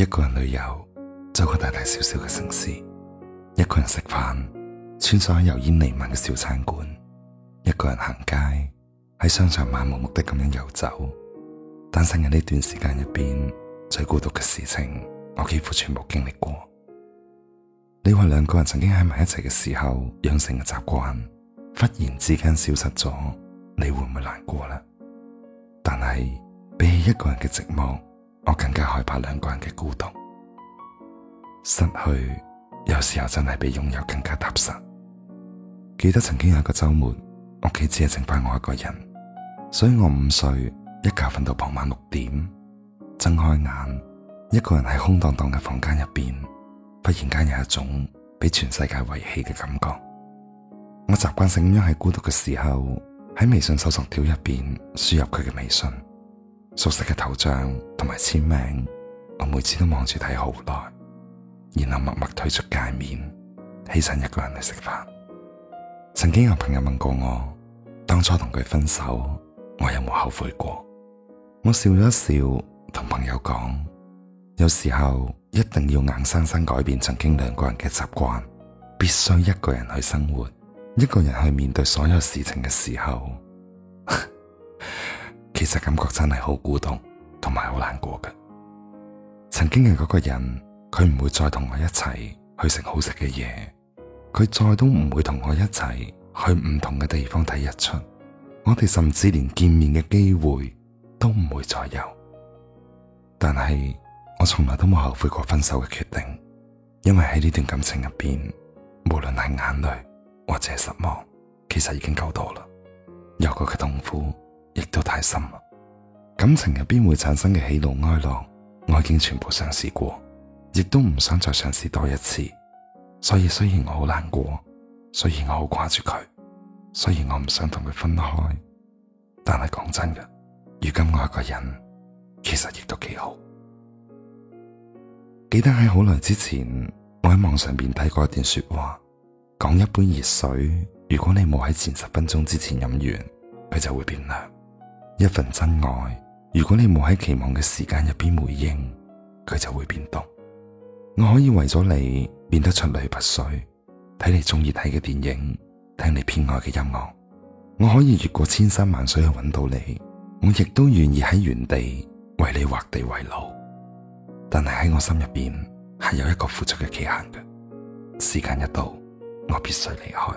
一個人旅遊，走過大大小小嘅城市；一個人食飯，穿梭喺油煙彌漫嘅小餐館；一個人行街，喺商場漫無目的咁樣遊走。單身嘅呢段時間入邊，最孤獨嘅事情，我幾乎全部經歷過。你話兩個人曾經喺埋一齊嘅時候養成嘅習慣，忽然之間消失咗，你會唔會難過呢？但係比起一個人嘅寂寞，我更加害怕兩個人嘅孤獨，失去，有時候真係比擁有更加踏實。記得曾經有一個周末，屋企只係剩翻我一個人，所以我午睡一覺瞓到傍晚六點，睜開眼，一個人喺空蕩蕩嘅房間入邊，忽然間有一種俾全世界遺棄嘅感覺。我習慣性咁樣喺孤獨嘅時候喺微信搜索條入邊輸入佢嘅微信。熟悉嘅頭像同埋簽名，我每次都望住睇好耐，然後默默退出界面，起身一個人去食飯。曾經有朋友問過我，當初同佢分手，我有冇後悔過？我笑咗一笑，同朋友講，有時候一定要硬生生改變曾經兩個人嘅習慣，必須一個人去生活，一個人去面對所有事情嘅時候。其實感覺真係好孤獨，同埋好難過嘅。曾經嘅嗰個人，佢唔會再同我一齊去食好食嘅嘢，佢再都唔會同我一齊去唔同嘅地方睇日出。我哋甚至連見面嘅機會都唔會再有。但係我從來都冇後悔過分手嘅決定，因為喺呢段感情入邊，無論係眼淚或者係失望，其實已經夠多啦。有過嘅痛苦。亦都太深啦！感情入邊會產生嘅喜怒哀樂，我已經全部嘗試過，亦都唔想再嘗試多一次。所以雖然我好難過，雖然我好掛住佢，雖然我唔想同佢分開，但係講真嘅，如今我一個人其實亦都幾好。記得喺好耐之前，我喺網上邊睇過一段說話，講一杯熱水，如果你冇喺前十分鐘之前飲完，佢就會變涼。一份真愛，如果你冇喺期望嘅時間入邊回應，佢就會變凍。我可以為咗你變得出類拔萃，睇你中意睇嘅電影，聽你偏愛嘅音樂。我可以越過千山萬水去搵到你，我亦都願意喺原地為你畫地為牢。但係喺我心入邊係有一個付出嘅期限嘅，時間一到，我必須離開。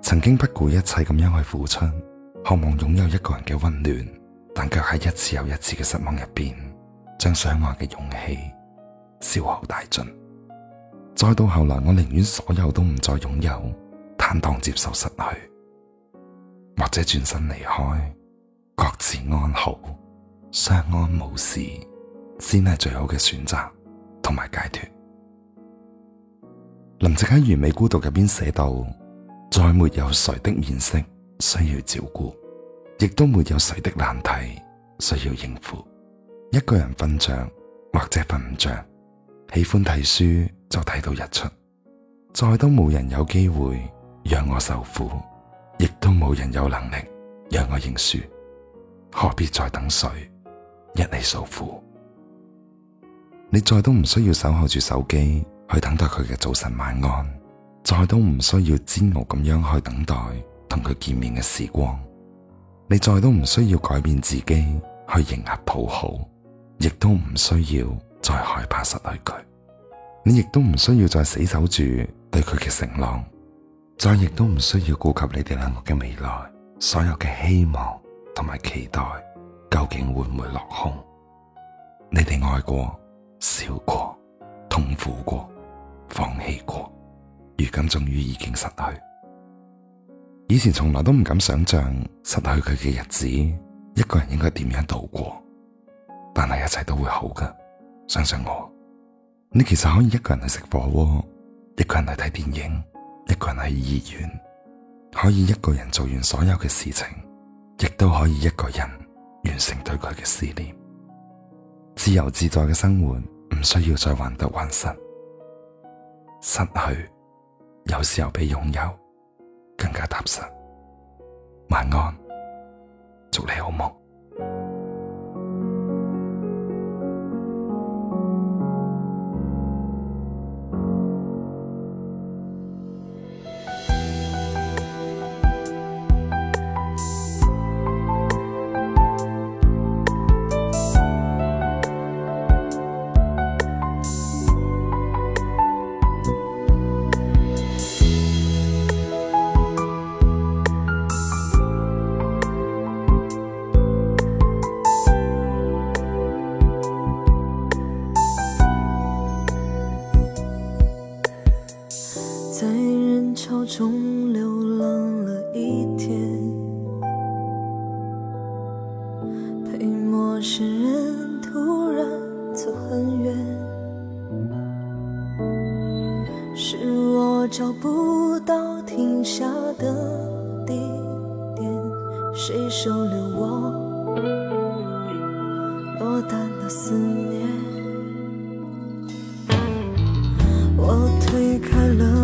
曾經不顧一切咁樣去付出。渴望擁有一個人嘅溫暖，但卻喺一次又一次嘅失望入邊，將想愛嘅勇氣消耗殆盡。再到後來，我寧願所有都唔再擁有，坦蕩接受失去，或者轉身離開，各自安好，相安無事，先係最好嘅選擇同埋解脫。林夕喺《完美孤獨》入邊寫到：再沒有誰的面色。需要照顧，亦都沒有誰的難題需要應付。一個人瞓着或者瞓唔着，喜歡睇書就睇到日出。再都冇人有機會讓我受苦，亦都冇人有能力讓我認輸。何必再等誰一起訴苦？你再都唔需要守候住手機去等待佢嘅早晨晚安，再都唔需要煎熬咁樣去等待。同佢見面嘅時光，你再都唔需要改變自己去迎合討好，亦都唔需要再害怕失去佢，你亦都唔需要再死守住對佢嘅承諾，再亦都唔需要顧及你哋兩個嘅未來，所有嘅希望同埋期待究竟會唔會落空？你哋愛過、笑過、痛苦過、放棄過，如今終於已經失去。以前從來都唔敢想象，失去佢嘅日子，一個人應該點樣度過？但係一切都會好噶。相信我，你其實可以一個人去食火鍋，一個人去睇電影，一個人去醫院，可以一個人做完所有嘅事情，亦都可以一個人完成對佢嘅思念。自由自在嘅生活，唔需要再患得患失。失去，有時候比擁有。更加踏實。晚安，祝你好夢。中流浪了一天，陪陌生人突然走很遠，是我找不到停下的地點，誰收留我？落單的思念。我推開了。